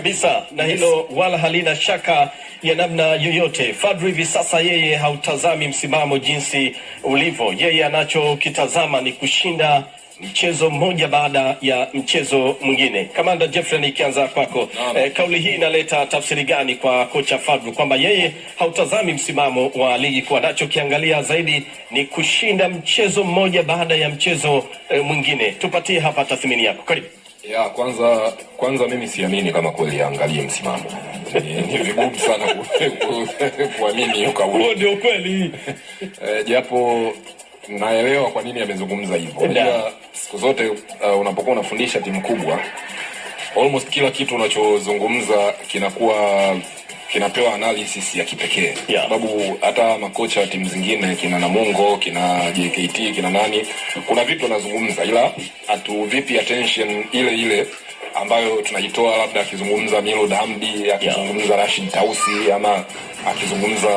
kabisa, na hilo wala halina shaka ya namna yoyote. Fadlu hivi sasa yeye hautazami msimamo jinsi ulivyo, yeye anachokitazama ni kushinda mchezo mmoja baada ya mchezo mwingine. Kamanda Jeffrey, nikianza kwako, eh, kauli hii inaleta tafsiri gani kwa kocha Fadlu kwamba yeye hautazami msimamo wa ligi kuu, anachokiangalia zaidi ni kushinda mchezo mmoja baada ya mchezo eh, mwingine? Tupatie hapa tathmini yako, karibu. Ya, kwanza kwanza mimi siamini kama kweli angalie msimamo. Ni vigumu sana kuamini hiyo kauli. Huo ndio kweli. Eh, japo naelewa kwa nini amezungumza hivyo. Unajua siku zote uh, unapokuwa unafundisha timu kubwa almost kila kitu unachozungumza kinakuwa kinapewa analysis ya kipekee yeah. Sababu hata makocha wa timu zingine kina Namungo kina JKT kina nani, kuna vitu wanazungumza, ila hatuvipi attention ile ile ambayo tunajitoa labda akizungumza Milod Hamdi akizungumza yeah. Rashid Tausi ama akizungumza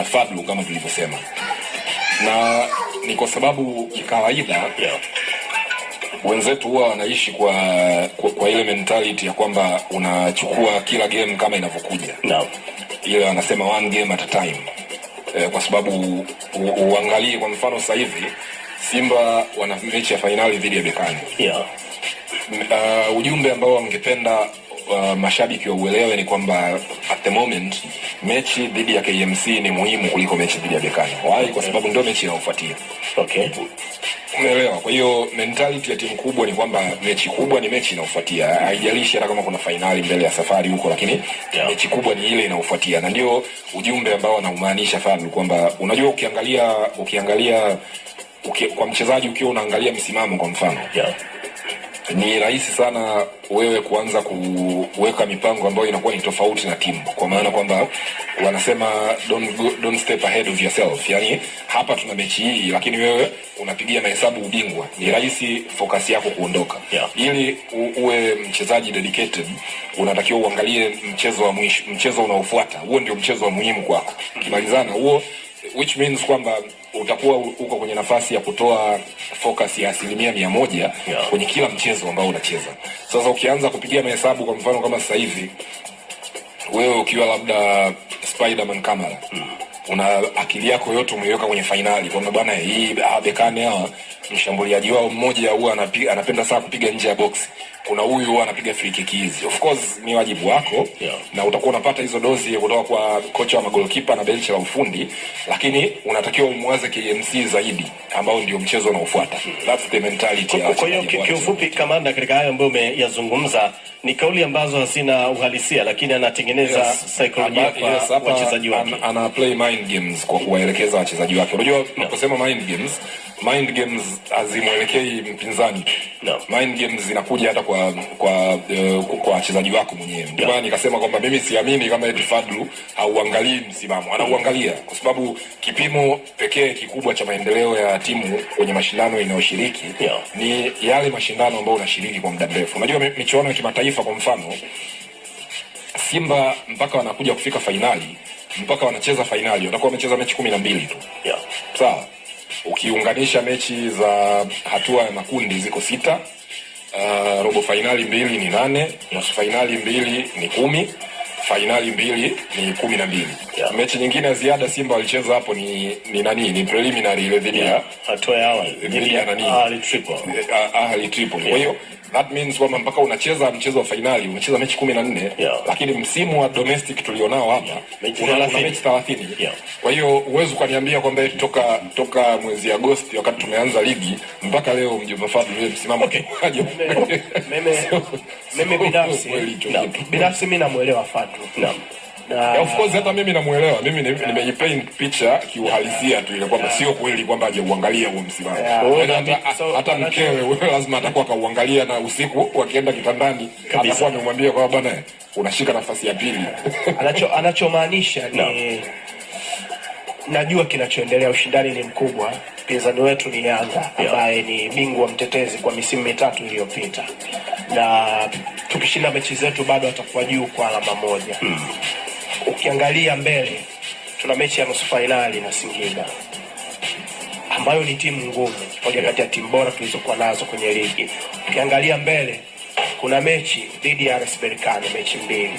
uh, Fadlu kama tulivyosema, na ni kwa sababu kikawaida yeah wenzetu huwa wanaishi kwa, kwa, kwa ile mentality ya kwamba unachukua kila game kama inavyokuja no. Ile wanasema one game at a time e, kwa sababu uangalie kwa mfano sasa hivi Simba wana mechi ya fainali dhidi ya Bekani yeah. Uh, ujumbe ambao wangependa uh, mashabiki wauelewe ni kwamba at the moment mechi dhidi ya KMC ni muhimu kuliko mechi dhidi ya Bekani. Why? Kwa sababu ndio mechi inayofuatia. Okay. Unaelewa? Kwa hiyo mentality ya timu kubwa ni kwamba mechi kubwa ni mechi inayofuatia, haijalishi hata kama kuna fainali mbele ya safari huko, lakini yeah, mechi kubwa ni ile inayofuatia, na ndio ujumbe ambao anaumaanisha Fadlu kwamba unajua, ukiangalia ukiangalia uki, kwa mchezaji ukiwa unaangalia msimamo kwa mfano yeah ni rahisi sana wewe kuanza kuweka mipango ambayo inakuwa ni tofauti na timu, kwa maana kwamba wanasema don't go, don't step ahead of yourself. Yani hapa tuna mechi hii, lakini wewe unapigia mahesabu ubingwa, ni rahisi focus yako kuondoka. Yeah. Ili uwe mchezaji dedicated, unatakiwa uangalie mchezo wa mwisho, mchezo unaofuata. Huo ndio mchezo wa muhimu kwako. Kimalizana huo which means kwamba utakuwa uko kwenye nafasi ya kutoa focus ya asilimia mia moja yeah, kwenye kila mchezo ambao unacheza. Sasa ukianza kupigia mahesabu, kwa mfano kama sasa hivi wewe ukiwa labda Spiderman camera mm, una akili yako yote umeiweka kwenye fainali kwamba bwana, hii ah, bekane hawa ah, mshambuliaji wao mmoja huwa anapenda sana kupiga nje ya boksi kuna huyu anapiga free kick hizi. Of course ni wajibu wako yeah. na utakuwa unapata hizo dozi kutoka kwa kocha wa magolikipa na benchi la ufundi, lakini unatakiwa umwaze KMC zaidi, ambao ndio mchezo unaofuata. That's the mentality. Kwa hiyo kiufupi, kamanda, katika hayo ambayo umeyazungumza ni kauli ambazo hazina uhalisia, lakini anatengeneza psychology ya wachezaji wake, ana play mind games kwa kuwaelekeza wachezaji wake. Unajua tunaposema mind games, mind games hazimwelekei mpinzani, no. mind games zinakuja hata kwa kwa uh, kwa wachezaji wako mwenyewe. no. Ndio maana nikasema kwamba mimi siamini kama eti Fadlu hauangalii msimamo, anauangalia kwa sababu kipimo pekee kikubwa cha maendeleo ya timu kwenye mashindano inayoshiriki no. ni yale mashindano ambayo unashiriki kwa muda mrefu. Unajua michuano ya kimataifa Mataifa kwa mfano, Simba mpaka wanakuja kufika fainali mpaka wanacheza fainali watakuwa wamecheza mechi kumi na mbili tu yeah. Sawa, ukiunganisha mechi za hatua ya makundi ziko sita, uh, robo fainali mbili ni nane, nusu fainali mbili ni kumi, fainali mbili ni kumi na mbili yeah. Mechi nyingine ya ziada Simba walicheza hapo ni ni nani, ni preliminary ile dhidi ya hatua ya awali dhidi ya nani, Ahli triple Kwa hiyo That means kwamba mpaka unacheza mchezo wa fainali unacheza mechi kumi na nne yeah. Lakini msimu wa domestic tulionao hapa yeah. mechi una mechi 30 yeah. Kwa hiyo huwezi ukaniambia kwamba toka toka mwezi Agosti wakati tumeanza ligi mpaka leo mjomba Fadlu yeye msimamo okay. mimi mimi binafsi binafsi mimi namuelewa Fadlu. Naam. Yeah. Of course hata mimi namuelewa. Mimi nimejipaint picha kiuhalisia tu ile kwamba sio kweli kwamba hajauangalia huo msiba. Hata oh, mkewe wewe lazima atakuwa kauangalia na usiku wakienda kitandani atakuwa amemwambia kwamba bwana unashika nafasi ya pili. Anacho anachomaanisha ni no. Najua kinachoendelea, ushindani ni mkubwa. Mpinzani wetu ni Yanga ambaye ni bingwa mtetezi kwa misimu mitatu iliyopita, na tukishinda mechi zetu bado atakuwa juu kwa alama moja. Hmm. Ukiangalia mbele, tuna mechi ya nusu fainali na Singida ambayo ni timu ngumu, moja kati ya timu bora tulizokuwa nazo kwenye ligi. Ukiangalia mbele, kuna mechi dhidi ya RS Berkane, mechi mbili,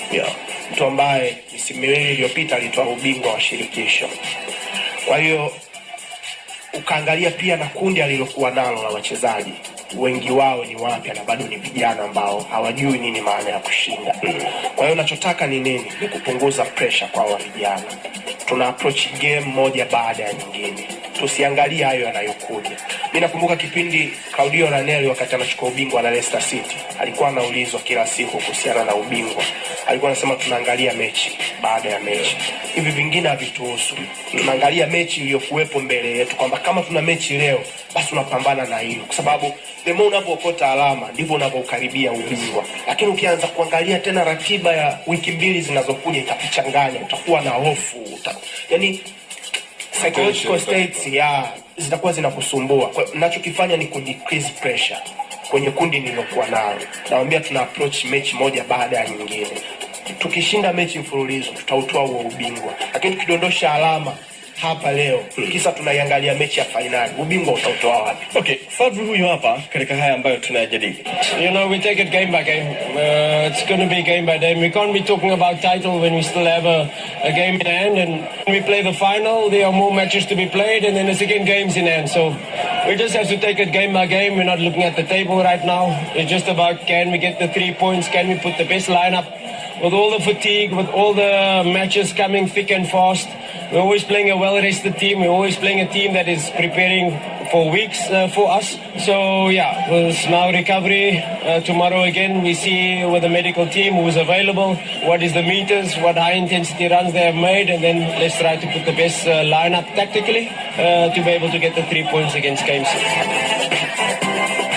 mtu ambaye misimu miwili iliyopita alitoa ubingwa wa shirikisho. Kwa hiyo ukaangalia pia na kundi alilokuwa nalo la wachezaji wengi wao ni wapya na bado ni vijana ambao hawajui nini maana ya kushinda. Kwa hiyo nachotaka ni nini? Ni kupunguza pressure kwa wa vijana. Tuna approach game moja baada ya nyingine, tusiangalie hayo yanayokuja. Mimi nakumbuka kipindi Claudio Ranieri wakati anachukua ubingwa na Leicester City, alikuwa anaulizwa kila siku kuhusiana na ubingwa, alikuwa anasema tunaangalia mechi baada ya mechi hivi vingine havituhusu. Tunaangalia mechi iliyokuwepo mbele yetu, kwamba kama tuna mechi leo, basi unapambana na hiyo, kwa sababu demo unapokota alama ndivyo unavyokaribia ubingwa. Lakini ukianza kuangalia tena ratiba ya wiki mbili zinazokuja, itakuchanganya, utakuwa na hofu uta, yani psychological states ya zitakuwa zinakusumbua. Ninachokifanya ni ku decrease pressure kwenye kundi nilokuwa nalo, naambia tuna approach mechi moja baada ya nyingine tukishinda mechi mfululizo tutautoa huo ubingwa, lakini tukidondosha alama hapa leo hmm. kisa tunaiangalia mechi ya fainali, ubingwa utautoa wapi? Okay, Fadlu huyu hapa katika haya ambayo tunayajadili. You know we take it game by game. Uh, it's going to be game by game. We can't be talking about title when we still have a, a game in hand and when we play the final there are more matches to be played and then the second games in hand. So we just have to take it game by game. We're not looking at the table right now. It's just about can we get the three points? Can we put the best lineup with all the fatigue, with all the matches coming thick and fast. We're always playing a well-rested team. We're always playing a team that is preparing for weeks uh, for us. So yeah, it's now recovery. Uh, tomorrow again, we see with the medical team who's available, what is the meters, what high-intensity runs they have made, and then let's try to put the best uh, lineup tactically uh, to be able to get the three points against Games.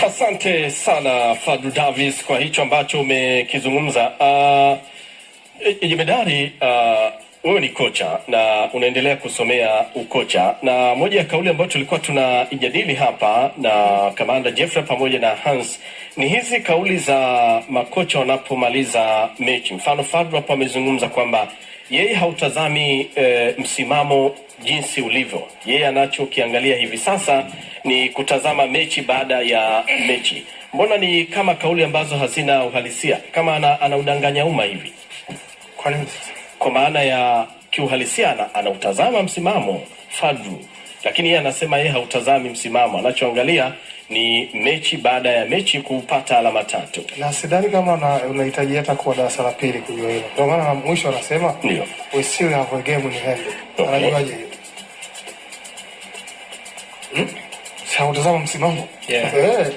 Asante sana Fadu Davis kwa hicho ambacho umekizungumza. Uh, Eh, Jemedari, uh, wewe ni kocha na unaendelea kusomea ukocha, na moja ya kauli ambayo tulikuwa tunaijadili hapa na kamanda Jeffrey pamoja na Hans ni hizi kauli za makocha wanapomaliza mechi. Mfano Fadlu hapo amezungumza kwamba yeye hautazami e, msimamo jinsi ulivyo, yeye anachokiangalia hivi sasa ni kutazama mechi baada ya mechi. Mbona ni kama kauli ambazo hazina uhalisia, kama ana, udanganya umma hivi? Kwa nini? Kwa maana ya kiuhalisia anautazama msimamo Fadlu, lakini yeye anasema yeye hautazami msimamo, anachoangalia ni mechi baada ya mechi kupata alama tatu, na sidhani kama unahitaji hata kuwa darasa la pili kujua hilo. Ndio maana na mwisho anasema ndio, we still have a game in hand. Anajuaje? hiyo? Hmm? Sasa utazama msimamo, yeah, Yeah.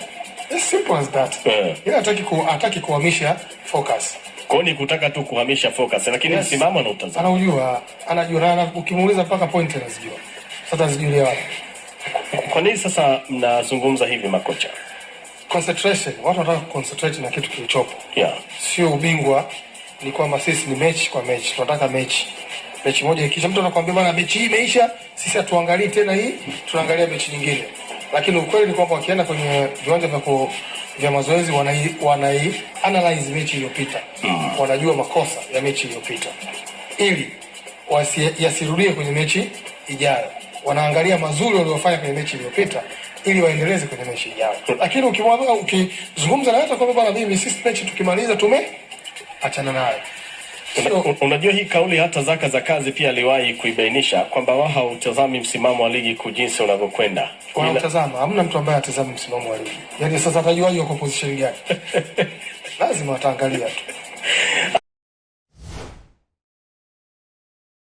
it's simple as that. Eh. Yeye hataki kuhamisha focus kwa ni kutaka tu kuhamisha focus, lakini msimamo na utazama. anaujua, anajua na ukimuuliza mpaka point anazijua. Sasa zijulia wapi? Kwa nini sasa mnazungumza hivi makocha? Concentration, watu wanataka concentrate na kitu kilichopo, yeah, sio ubingwa. Ni kwamba sisi ni mechi kwa mechi, tunataka mechi mechi moja ikisha, mtu anakuambia bwana, mechi hii imeisha, sisi hatuangalii tena hii, tunaangalia mechi nyingine, lakini ukweli ni kwamba wakienda kwenye viwanja vya vya mazoezi wanai, wanai analyze mechi iliyopita mm. Wanajua makosa ya mechi iliyopita ili yasirudie kwenye mechi ijayo. Wanaangalia mazuri waliofanya kwenye mechi iliyopita ili waendeleze kwenye mechi ijayo. Lakini ukimwambia ukizungumza na hata kwa bwana, mimi sisi mechi tukimaliza tume achana nayo. Unajua hii kauli hata Zaka za kazi pia aliwahi kuibainisha kwamba wao hautazami msimamo wa ligi kuu jinsi unavyokwenda. Wanautazama, hamna mtu ambaye atazami msimamo wa ligi. Yaani sasa atajua yuko position gani. Lazima ataangalia tu.